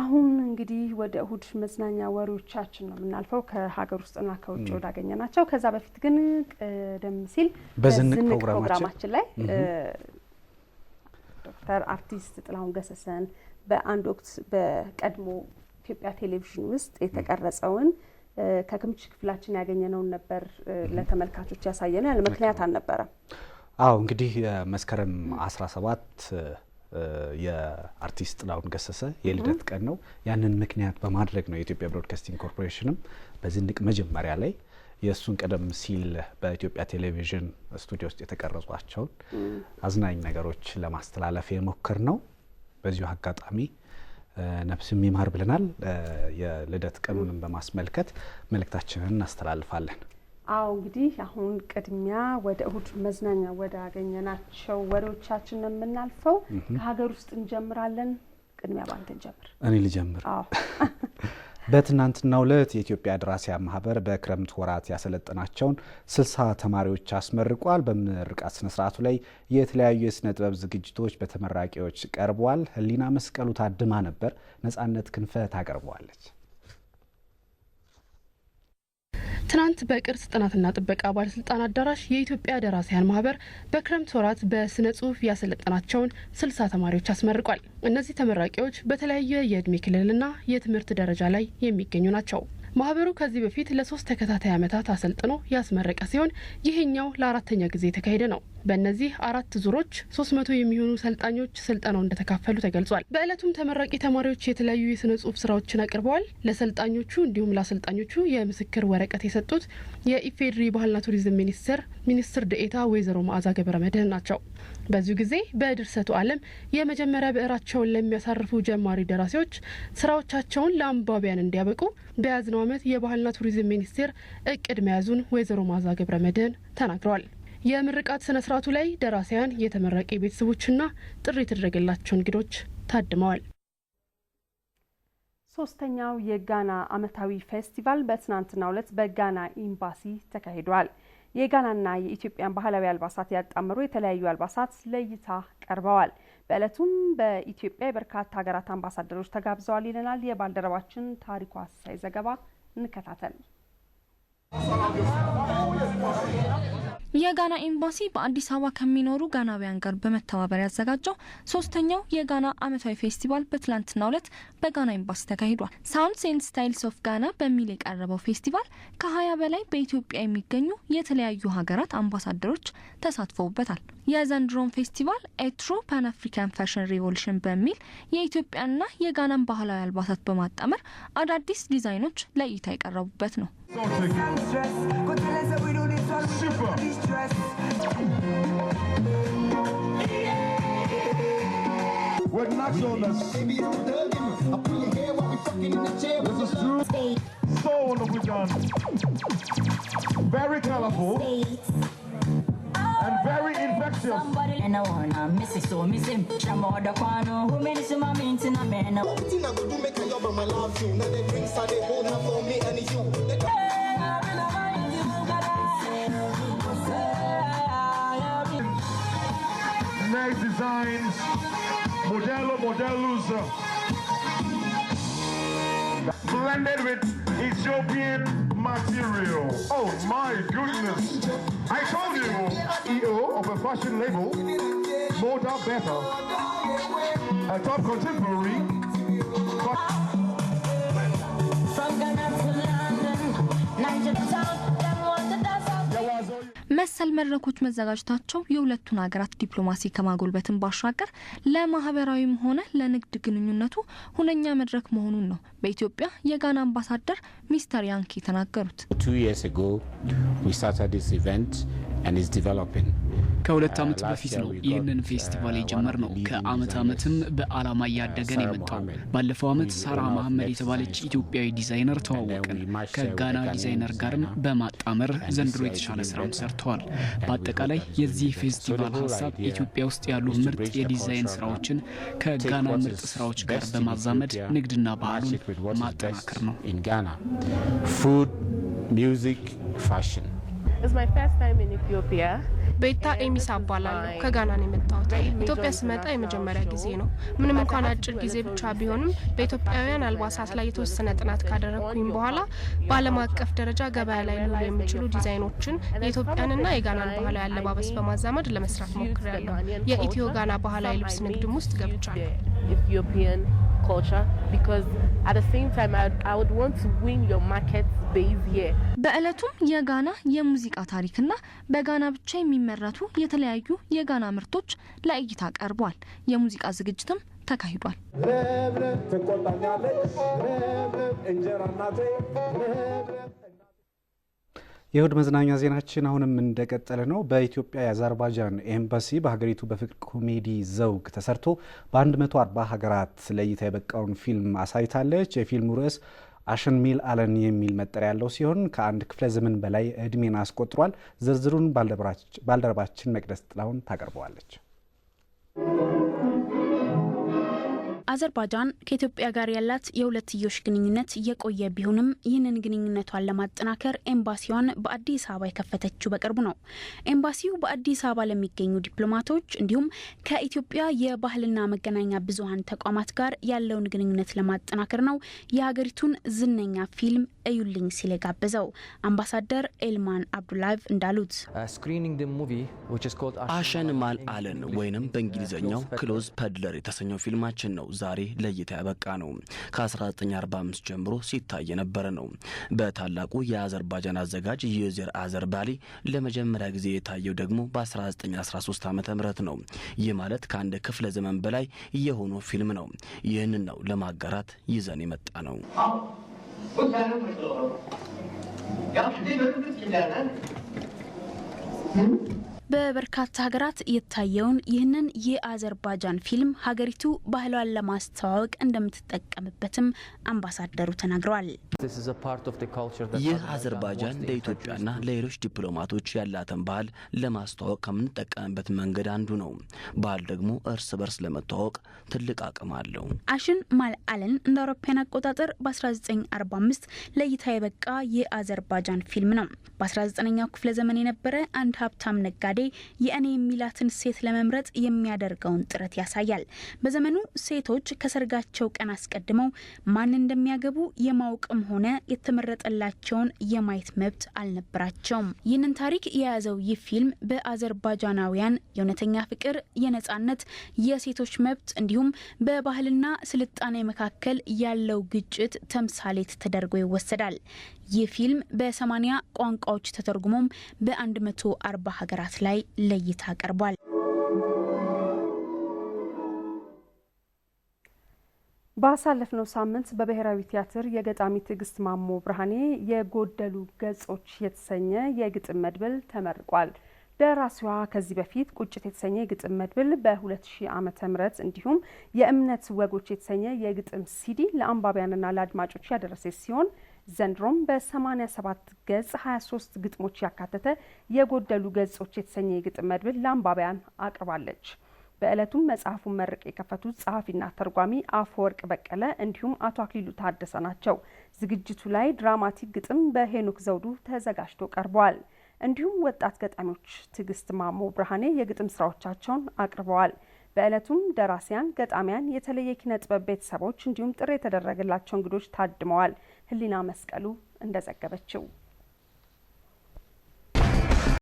አሁን እንግዲህ ወደ እሁድ መዝናኛ ወሬዎቻችን ነው የምናልፈው ከሀገር ውስጥና ከውጭ ወዳገኘ ናቸው። ከዛ በፊት ግን ቀደም ሲል በዝንቅ ፕሮግራማችን ላይ ዶክተር አርቲስት ጥላሁን ገሰሰን በአንድ ወቅት በቀድሞ ኢትዮጵያ ቴሌቪዥን ውስጥ የተቀረጸውን ከክምች ክፍላችን ያገኘነውን ነበር ለተመልካቾች ያሳየነው። ያለ ምክንያት አልነበረም። አዎ እንግዲህ መስከረም 17 የአርቲስት ጥላሁን ገሰሰ የልደት ቀን ነው። ያንን ምክንያት በማድረግ ነው የኢትዮጵያ ብሮድካስቲንግ ኮርፖሬሽንም በዝንቅ መጀመሪያ ላይ የእሱን ቀደም ሲል በኢትዮጵያ ቴሌቪዥን ስቱዲዮ ውስጥ የተቀረጿቸውን አዝናኝ ነገሮች ለማስተላለፍ የሞክር ነው። በዚሁ አጋጣሚ ነፍስም ይማር ብለናል። የልደት ቀኑንም በማስመልከት መልእክታችንን እናስተላልፋለን። አው እንግዲህ አሁን ቅድሚያ ወደ እሁድ መዝናኛ ወደ አገኘናቸው ወሬዎቻችን የምናልፈው። ከሀገር ውስጥ እንጀምራለን። ቅድሚያ ባንተ ጀምር። እኔ ልጀምር። በትናንትናው ዕለት የኢትዮጵያ ደራሲያን ማህበር በክረምት ወራት ያሰለጠናቸውን ስልሳ ተማሪዎች አስመርቋል። በምርቃት ስነስርዓቱ ላይ የተለያዩ የስነ ጥበብ ዝግጅቶች በተመራቂዎች ቀርበዋል። ህሊና መስቀሉ ታድማ ነበር። ነጻነት ክንፈ ታቀርበዋለች። ትናንት በቅርስ ጥናትና ጥበቃ ባለስልጣን አዳራሽ የኢትዮጵያ ደራሲያን ማህበር በክረምት ወራት በስነ ጽሁፍ ያሰለጠናቸውን ስልሳ ተማሪዎች አስመርቋል። እነዚህ ተመራቂዎች በተለያየ የእድሜ ክልልና የትምህርት ደረጃ ላይ የሚገኙ ናቸው። ማህበሩ ከዚህ በፊት ለሶስት ተከታታይ ዓመታት አሰልጥኖ ያስመረቀ ሲሆን ይህኛው ለአራተኛ ጊዜ የተካሄደ ነው። በእነዚህ አራት ዙሮች ሶስት መቶ የሚሆኑ ሰልጣኞች ስልጠናው እንደተካፈሉ ተገልጿል። በእለቱም ተመራቂ ተማሪዎች የተለያዩ የስነ ጽሁፍ ስራዎችን አቅርበዋል። ለሰልጣኞቹ እንዲሁም ለአሰልጣኞቹ የምስክር ወረቀት የሰጡት የኢፌዴሪ ባህልና ቱሪዝም ሚኒስቴር ሚኒስትር ደኤታ ወይዘሮ መዓዛ ገብረ መድህን ናቸው። በዚሁ ጊዜ በድርሰቱ ዓለም የመጀመሪያ ብዕራቸውን ለሚያሳርፉ ጀማሪ ደራሲዎች ስራዎቻቸውን ለአንባቢያን እንዲያበቁ በያዝነው ዓመት የባህልና ቱሪዝም ሚኒስቴር እቅድ መያዙን ወይዘሮ መዓዛ ገብረ መድህን ተናግረዋል። የምርቃት ስነ ስርዓቱ ላይ ደራሲያን፣ የተመራቂ ቤተሰቦችና ጥሪ የተደረገላቸው እንግዶች ታድመዋል። ሶስተኛው የጋና ዓመታዊ ፌስቲቫል በትናንትናው ዕለት በጋና ኤምባሲ ተካሂዷል። የጋናና የኢትዮጵያን ባህላዊ አልባሳት ያጣመሩ የተለያዩ አልባሳት ለእይታ ቀርበዋል። በእለቱም በኢትዮጵያ የበርካታ ሀገራት አምባሳደሮች ተጋብዘዋል ይለናል የባልደረባችን ታሪኩ አሳይ ዘገባ። እንከታተል። የጋና ኤምባሲ በአዲስ አበባ ከሚኖሩ ጋናውያን ጋር በመተባበር ያዘጋጀው ሶስተኛው የጋና ዓመታዊ ፌስቲቫል በትላንትናው ዕለት በጋና ኤምባሲ ተካሂዷል። ሳውንድስ ኤንድ ስታይልስ ኦፍ ጋና በሚል የቀረበው ፌስቲቫል ከሀያ በላይ በኢትዮጵያ የሚገኙ የተለያዩ ሀገራት አምባሳደሮች ተሳትፈውበታል። የዘንድሮን ፌስቲቫል ኤትሮ ፓን አፍሪካን ፋሽን ሪቮሉሽን በሚል የኢትዮጵያና የጋናን ባህላዊ አልባሳት በማጣመር አዳዲስ ዲዛይኖች ለእይታ የቀረቡበት ነው። worshiper. What knocks on us? we fucking in the chair. This is true. Soul on the weekend. Very colorful. And very infectious. and I wanna miss it, so miss him. Shamo da kwano, who made this my means in a man. One thing I make a job of my love too. Now they drinks are they hold up for me and you. designs, Modelo Modelos, uh, blended with Ethiopian material. Oh my goodness. I told you, CEO of a fashion label, Moda Better, a top contemporary. From Ghana to London, Niger South. መሰል መድረኮች መዘጋጀታቸው የሁለቱን ሀገራት ዲፕሎማሲ ከማጎልበትን ባሻገር ለማህበራዊም ሆነ ለንግድ ግንኙነቱ ሁነኛ መድረክ መሆኑን ነው በኢትዮጵያ የጋና አምባሳደር ሚስተር ያንኪ ተናገሩት። ከሁለት ዓመት uh, በፊት ነው ይህንን uh, ፌስቲቫል የጀመር ነው። ከአመት ዓመትም በዓላማ እያደገን የመጣው። ባለፈው ዓመት ሳራ መሐመድ የተባለች ኢትዮጵያዊ ዲዛይነር ተዋወቅን። ከጋና ዲዛይነር ጋርም uh, በማጣመር ዘንድሮ የተሻለ ስራም ሰርተዋል። በአጠቃላይ የዚህ ፌስቲቫል ሀሳብ ኢትዮጵያ ውስጥ ያሉ ምርጥ የዲዛይን ስራዎችን ከጋና ምርጥ ስራዎች ጋር በማዛመድ ንግድና ባህሉን ማጠናከር ነው። ቤታ ኤሚሳ እባላለሁ። ከጋና ነው የመጣሁት። ኢትዮጵያ ስመጣ የመጀመሪያ ጊዜ ነው። ምንም እንኳን አጭር ጊዜ ብቻ ቢሆንም በኢትዮጵያውያን አልባሳት ላይ የተወሰነ ጥናት ካደረግኩኝ በኋላ በዓለም አቀፍ ደረጃ ገበያ ላይ ሊውሉ የሚችሉ ዲዛይኖችን የኢትዮጵያንና የጋናን ባህላዊ አለባበስ በማዛመድ ለመስራት ሞክሬያለሁ። የኢትዮ ጋና ባህላዊ ልብስ ንግድም ውስጥ ገብቻለሁ። culture because at the same time I, I would want to win your market base here. በዕለቱም የጋና የሙዚቃ ታሪክና በጋና ብቻ የሚመረቱ የተለያዩ የጋና ምርቶች ለእይታ ቀርቧል። የሙዚቃ ዝግጅትም ተካሂዷል። እንጀራ እናቴ የእሁድ መዝናኛ ዜናችን አሁንም እንደቀጠለ ነው። በኢትዮጵያ የአዘርባጃን ኤምባሲ በሀገሪቱ በፍቅር ኮሜዲ ዘውግ ተሰርቶ በ140 ሀገራት ለእይታ የበቃውን ፊልም አሳይታለች። የፊልሙ ርዕስ አሽን ሚል አለን የሚል መጠሪያ ያለው ሲሆን ከአንድ ክፍለ ዘመን በላይ እድሜን አስቆጥሯል። ዝርዝሩን ባልደረባችን መቅደስ ጥላሁን ታቀርበዋለች። አዘርባጃን ከኢትዮጵያ ጋር ያላት የሁለትዮሽ ግንኙነት የቆየ ቢሆንም ይህንን ግንኙነቷን ለማጠናከር ኤምባሲዋን በአዲስ አበባ የከፈተችው በቅርቡ ነው። ኤምባሲው በአዲስ አበባ ለሚገኙ ዲፕሎማቶች እንዲሁም ከኢትዮጵያ የባህልና መገናኛ ብዙኃን ተቋማት ጋር ያለውን ግንኙነት ለማጠናከር ነው የሀገሪቱን ዝነኛ ፊልም እዩልኝ ሲል የጋበዘው። አምባሳደር ኤልማን አብዱላይቭ እንዳሉት አሸን ማል አለን ወይንም በእንግሊዝኛው ክሎዝ ፐድለር የተሰኘው ፊልማችን ነው ዛሬ ለእይታ ያበቃ ነው። ከ1945 ጀምሮ ሲታይ የነበረ ነው። በታላቁ የአዘርባጃን አዘጋጅ ዩዜር አዘርባሊ ለመጀመሪያ ጊዜ የታየው ደግሞ በ1913 ዓ ም ነው። ይህ ማለት ከአንድ ክፍለ ዘመን በላይ የሆኑ ፊልም ነው። ይህንን ነው ለማጋራት ይዘን የመጣ ነው። በበርካታ ሀገራት የታየውን ይህንን የአዘርባጃን ፊልም ሀገሪቱ ባህሏን ለማስተዋወቅ እንደምትጠቀምበትም አምባሳደሩ ተናግረዋል። ይህ አዘርባጃን ለኢትዮጵያና ለሌሎች ዲፕሎማቶች ያላትን ባህል ለማስተዋወቅ ከምንጠቀምበት መንገድ አንዱ ነው። ባህል ደግሞ እርስ በርስ ለመተዋወቅ ትልቅ አቅም አለው። አሽን ማል አለን እንደ አውሮፓውያን አቆጣጠር በ1945 ለእይታ የበቃ የአዘርባጃን ፊልም ነው። በ19ኛው ክፍለ ዘመን የነበረ አንድ ሀብታም ነጋዴ ለምሳሌ የእኔ የሚላትን ሴት ለመምረጥ የሚያደርገውን ጥረት ያሳያል። በዘመኑ ሴቶች ከሰርጋቸው ቀን አስቀድመው ማን እንደሚያገቡ የማወቅም ሆነ የተመረጠላቸውን የማየት መብት አልነበራቸውም። ይህንን ታሪክ የያዘው ይህ ፊልም በአዘርባጃናውያን የእውነተኛ ፍቅር፣ የነጻነት፣ የሴቶች መብት እንዲሁም በባህልና ስልጣኔ መካከል ያለው ግጭት ተምሳሌት ተደርጎ ይወሰዳል። ይህ ፊልም በ80 ቋንቋዎች ተተርጉሞም በ140 ሀገራት ላይ ላይ ለእይታ ቀርቧል። ባሳለፍነው ሳምንት በብሔራዊ ቲያትር የገጣሚ ትዕግስት ማሞ ብርሃኔ የጎደሉ ገጾች የተሰኘ የግጥም መድብል ተመርቋል። ደራሲዋ ከዚህ በፊት ቁጭት የተሰኘ የግጥም መድብል በ2000 ዓ ም እንዲሁም የእምነት ወጎች የተሰኘ የግጥም ሲዲ ለአንባቢያንና ለአድማጮች ያደረሰች ሲሆን ዘንድሮም በ87 ገጽ 23 ግጥሞች ያካተተ የጎደሉ ገጾች የተሰኘ የግጥም መድብል ለአንባቢያን አቅርባለች። በዕለቱም መጽሐፉን መርቅ የከፈቱት ጸሐፊና ተርጓሚ አፈወርቅ በቀለ እንዲሁም አቶ አክሊሉ ታደሰ ናቸው። ዝግጅቱ ላይ ድራማቲክ ግጥም በሄኖክ ዘውዱ ተዘጋጅቶ ቀርበዋል። እንዲሁም ወጣት ገጣሚዎች ትዕግስት ማሞ ብርሃኔ የግጥም ስራዎቻቸውን አቅርበዋል። በዕለቱም ደራሲያን፣ ገጣሚያን፣ የተለየ ኪነ ጥበብ ቤተሰቦች እንዲሁም ጥሪ የተደረገላቸው እንግዶች ታድመዋል። ህሊና መስቀሉ እንደዘገበችው